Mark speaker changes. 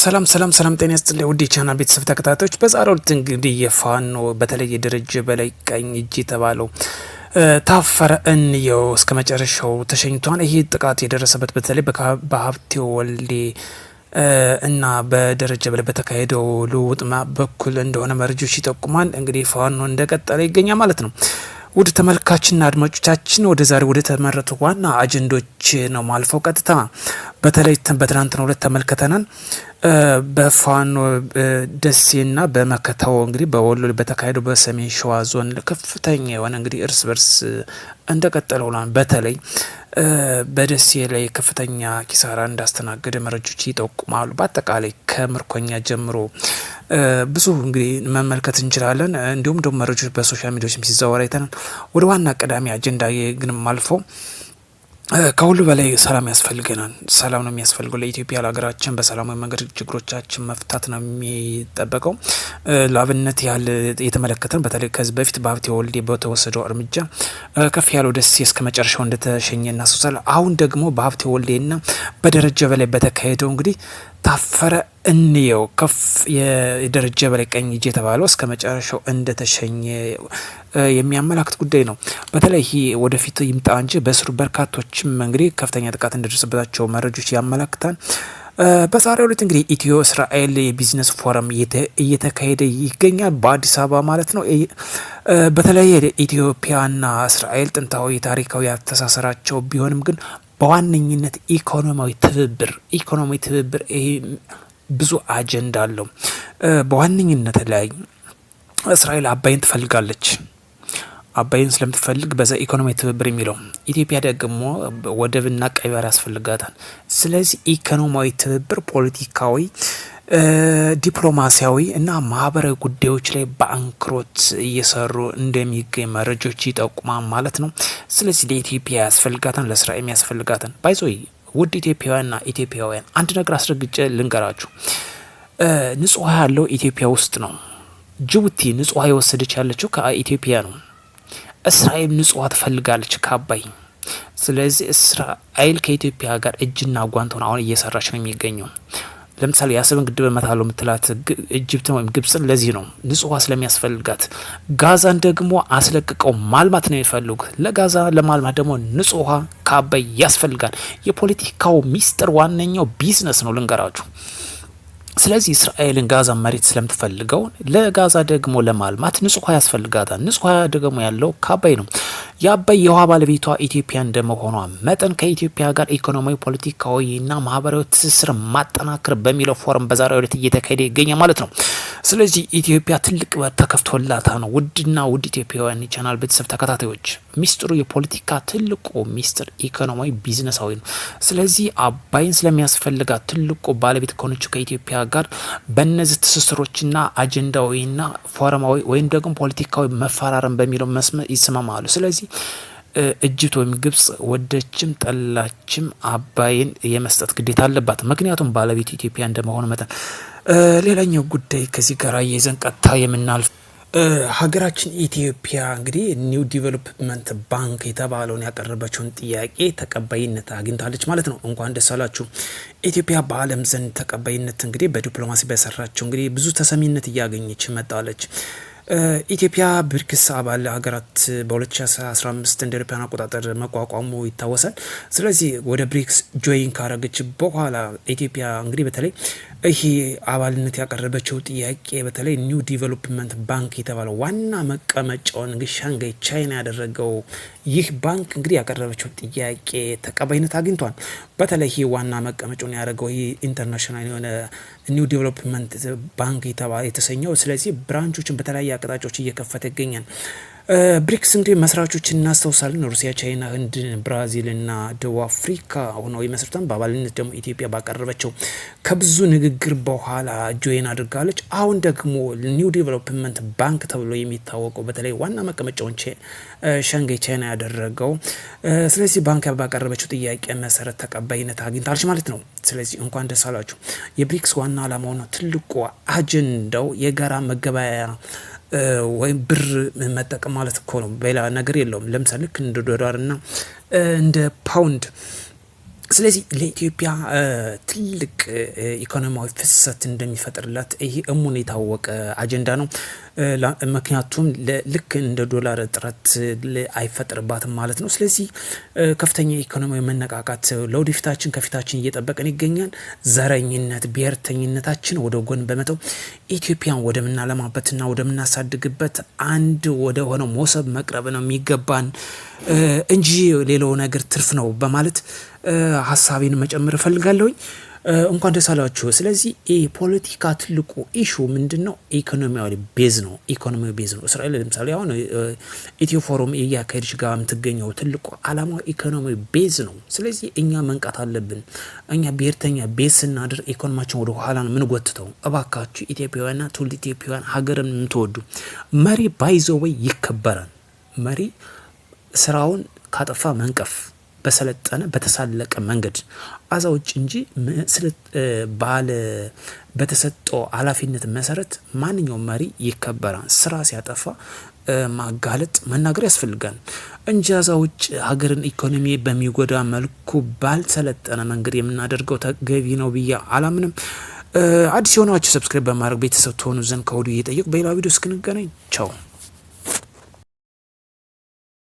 Speaker 1: ሰላም ሰላም ሰላም፣ ጤና ይስጥልኝ ውድ የቻናል ቤተሰብ ተከታታዮች። በዛሬው ዕለት እንግዲህ የፋኖ በተለይ የደረጀ በላይ ቀኝ እጅ የተባለው ታፈረ እንየው እስከ መጨረሻው ተሸኝቷል። ይህ ጥቃት የደረሰበት በተለይ በሀብቴ ወልዴ እና በደረጀ በላይ በተካሄደው ልውውጥ በኩል እንደሆነ መረጃዎች ይጠቁማል። እንግዲህ ፋኖ እንደቀጠለ ይገኛል ማለት ነው። ውድ ተመልካችና አድማጮቻችን ወደ ዛሬ ወደ ተመረጡ ዋና አጀንዶች ነው ማልፈው ቀጥታ በተለይ በትናንትናው ዕለት ተመልክተናል። በፋኖ ደሴና በመከታው እንግዲህ በወሎ በተካሄደው በሰሜን ሸዋ ዞን ከፍተኛ የሆነ እንግዲህ እርስ በርስ እንደቀጠለው በተለይ በደሴ ላይ ከፍተኛ ኪሳራ እንዳስተናገደ መረጆች ይጠቁማሉ። በአጠቃላይ ከምርኮኛ ጀምሮ ብዙ እንግዲህ መመልከት እንችላለን። እንዲሁም ደግሞ መረጃዎች በሶሻል ሚዲያዎች ሲዘዋወር አይተናል። ወደ ዋና ቀዳሚ አጀንዳ ግን አልፎ ከሁሉ በላይ ሰላም ያስፈልገናል። ሰላም ነው የሚያስፈልገው ለኢትዮጵያ ለሀገራችን በሰላማዊ መንገድ ችግሮቻችን መፍታት ነው የሚጠበቀው። ለአብነት ያህል የተመለከተን በተለይ ከዚህ በፊት በሀብቴ ወልዴ በተወሰደው እርምጃ ከፍ ያለው ደሴ እስከ መጨረሻው እንደተሸኘ እናስታውሳለን። አሁን ደግሞ በሀብቴ ወልዴና በደረጃ በላይ በተካሄደው እንግዲህ ታፈረ እንየው ከፍ የደረጀ በላይ ቀኝ እጅ የተባለው እስከ መጨረሻው እንደተሸኘ የሚያመላክት ጉዳይ ነው። በተለይ ወደፊት ይምጣ እንጂ በስሩ በርካቶችም እንግዲህ ከፍተኛ ጥቃት እንደደረሰበታቸው መረጆች ያመላክታል። በዛሬው ዕለት እንግዲህ ኢትዮ እስራኤል የቢዝነስ ፎረም እየተካሄደ ይገኛል በአዲስ አበባ ማለት ነው። በተለይ ኢትዮጵያና እስራኤል ጥንታዊ ታሪካዊ ያተሳሰራቸው ቢሆንም ግን በዋነኝነት ኢኮኖሚያዊ ትብብር ኢኮኖሚ ትብብር ይሄ ብዙ አጀንዳ አለው። በዋነኝነት ላይ እስራኤል አባይን ትፈልጋለች። አባይን ስለምትፈልግ በዛ ኢኮኖሚ ትብብር የሚለው ኢትዮጵያ ደግሞ ወደብና ቀይ ባህር ያስፈልጋታል። ስለዚህ ኢኮኖሚያዊ ትብብር ፖለቲካዊ፣ ዲፕሎማሲያዊ እና ማህበራዊ ጉዳዮች ላይ በአንክሮት እየሰሩ እንደሚገኝ መረጃዎች ይጠቁማል ማለት ነው። ስለዚህ ለኢትዮጵያ ያስፈልጋትን ለእስራኤል ያስፈልጋትን ባይዞይ ውድ ኢትዮጵያውያንና ኢትዮጵያውያን አንድ ነገር አስረግጬ ልንገራችሁ፣ ንጹህ ውሃ ያለው ኢትዮጵያ ውስጥ ነው። ጅቡቲ ንጹህ ውሃ የወሰደች ያለችው ከኢትዮጵያ ነው። እስራኤል ንጹህ ውሃ ትፈልጋለች ከአባይ። ስለዚህ እስራኤል ከኢትዮጵያ ጋር እጅና ጓንት ሆና አሁን እየሰራች ነው የሚገኘው። ለምሳሌ የአሰብን ግድብ መታለው የምትላት ኢጅፕትን ወይም ግብጽን ለዚህ ነው ንጹህ ውሃ ስለሚያስፈልጋት። ጋዛን ደግሞ አስለቅቀው ማልማት ነው የሚፈልጉት። ለጋዛ ለማልማት ደግሞ ንጹህ ውሃ ከአባይ ያስፈልጋል። የፖለቲካው ሚስጥር ዋነኛው ቢዝነስ ነው ልንገራችሁ። ስለዚህ እስራኤልን ጋዛ መሬት ስለምትፈልገው ለጋዛ ደግሞ ለማልማት ንጹህ ውሃ ያስፈልጋታል። ንጹህ ውሃ ደግሞ ያለው ከአባይ ነው። የአባይ የውሃ ባለቤቷ ኢትዮጵያ እንደመሆኗ መጠን ከኢትዮጵያ ጋር ኢኮኖሚያዊ፣ ፖለቲካዊና ማህበራዊ ትስስር ማጠናከር በሚለው ፎረም በዛሬው ዕለት እየተካሄደ ይገኛል ማለት ነው። ስለዚህ ኢትዮጵያ ትልቅ በር ተከፍቶላታ ነው። ውድና ውድ ኢትዮጵያውያን ቻናል ቤተሰብ ተከታታዮች ሚስጥሩ የፖለቲካ ትልቁ ሚስጥር ኢኮኖሚያዊ፣ ቢዝነሳዊ ነው። ስለዚህ አባይን ስለሚያስፈልጋት ትልቁ ባለቤት ከሆነችው ከኢትዮጵያ ጋር በእነዚህ ትስስሮችና አጀንዳዊና ፎረማዊ ወይም ደግሞ ፖለቲካዊ መፈራረም በሚለው መስመር ይስማማሉ። ስለዚህ እጅብት ወይም ግብጽ ወደችም ጠላችም አባይን የመስጠት ግዴታ አለባት። ምክንያቱም ባለቤት ኢትዮጵያ እንደመሆኑ መጠን። ሌላኛው ጉዳይ ከዚህ ጋር የዘን ቀጥታ የምናልፍ ሀገራችን ኢትዮጵያ እንግዲህ ኒው ዲቨሎፕመንት ባንክ የተባለውን ያቀረበችውን ጥያቄ ተቀባይነት አግኝታለች ማለት ነው። እንኳን ደስ አላችሁ። ኢትዮጵያ በዓለም ዘንድ ተቀባይነት እንግዲህ በዲፕሎማሲ በሰራቸው እንግዲህ ብዙ ተሰሚነት እያገኘች መጣለች። ኢትዮጵያ ብሪክስ አባል ሀገራት በ2015 እንደ አውሮፓውያን አቆጣጠር መቋቋሙ ይታወሳል። ስለዚህ ወደ ብሪክስ ጆይን ካረገች በኋላ ኢትዮጵያ እንግዲህ በተለይ ይህ አባልነት ያቀረበችው ጥያቄ በተለይ ኒው ዲቨሎፕመንት ባንክ የተባለው ዋና መቀመጫውን እንግዲህ ሻንጋይ ቻይና ያደረገው ይህ ባንክ እንግዲህ ያቀረበችው ጥያቄ ተቀባይነት አግኝቷል። በተለይ ይህ ዋና መቀመጫውን ያደረገው ይህ ኢንተርናሽናል የሆነ ኒው ዲቨሎፕመንት ባንክ የተሰኘው ስለዚህ ብራንቾችን በተለያየ አቅጣጫዎች እየከፈተ ይገኛል። ብሪክስ እንግዲህ መስራቾች እናስታውሳለን። ሩሲያ፣ ቻይና፣ ህንድ፣ ብራዚል ብራዚልና ደቡብ አፍሪካ ሆነው የመስርተን በአባልነት ደግሞ ኢትዮጵያ ባቀረበቸው ከብዙ ንግግር በኋላ ጆይን አድርጋለች። አሁን ደግሞ ኒው ዲቨሎፕመንት ባንክ ተብሎ የሚታወቀው በተለይ ዋና መቀመጫውን ሸንጌ ቻይና ያደረገው ስለዚህ ባንክ ባቀረበችው ጥያቄ መሰረት ተቀባይነት አግኝታለች ማለት ነው። ስለዚህ እንኳን ደስ አላችሁ። የብሪክስ ዋና አላማ ሆነ ትልቁ አጀንዳው የጋራ መገበያያ ወይም ብር መጠቀም ማለት እኮ ነው። ሌላ ነገር የለውም። ለምሳሌ ልክ እንደ ዶላር እና እንደ ፓውንድ ስለዚህ ለኢትዮጵያ ትልቅ ኢኮኖሚያዊ ፍሰት እንደሚፈጥርላት ይህ እሙን የታወቀ አጀንዳ ነው። ምክንያቱም ልክ እንደ ዶላር እጥረት አይፈጥርባትም ማለት ነው። ስለዚህ ከፍተኛ ኢኮኖሚያዊ መነቃቃት ለወደፊታችን ከፊታችን እየጠበቀን ይገኛል። ዘረኝነት፣ ብሔርተኝነታችን ወደ ጎን በመተው ኢትዮጵያን ወደምናለማበትና ወደምናሳድግበት አንድ ወደ ሆነ መሶብ መቅረብ ነው የሚገባን እንጂ ሌላው ነገር ትርፍ ነው በማለት ሀሳቤን መጨመር እፈልጋለሁኝ። እንኳን ደስ አላችሁ። ስለዚህ የፖለቲካ ትልቁ ኢሹ ምንድን ነው? ኢኮኖሚያዊ ቤዝ ነው። ኢኮኖሚ ቤዝ ነው። እስራኤል ለምሳሌ አሁን ኢትዮ ፎረም እያካሄደች ጋር የምትገኘው ትልቁ አላማዊ ኢኮኖሚ ቤዝ ነው። ስለዚህ እኛ መንቃት አለብን። እኛ ብሔርተኛ ቤዝ ስናድር ኢኮኖሚያችን ወደ ኋላ ነው ምንጎትተው። እባካችሁ ኢትዮጵያውያንና ትውልድ ኢትዮጵያውያን ሀገርን የምትወዱ መሪ ባይዘወይ ይከበራል። መሪ ስራውን ካጠፋ መንቀፍ በሰለጠነ በተሳለቀ መንገድ አዛ ውጭ እንጂ ባለ በተሰጠው ኃላፊነት መሰረት ማንኛውም መሪ ይከበራል። ስራ ሲያጠፋ ማጋለጥ መናገር ያስፈልጋል እንጂ አዛ ውጭ ሀገርን ኢኮኖሚ በሚጎዳ መልኩ ባልሰለጠነ መንገድ የምናደርገው ተገቢ ነው ብዬ አላምንም። አዲስ የሆናችሁ ሰብስክራይብ በማድረግ ቤተሰብ ትሆኑ ዘንድ ከወዲሁ እየጠየቁ በሌላ ቪዲዮ እስክንገናኝ ቻው።